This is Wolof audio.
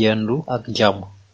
yendu ak jàmm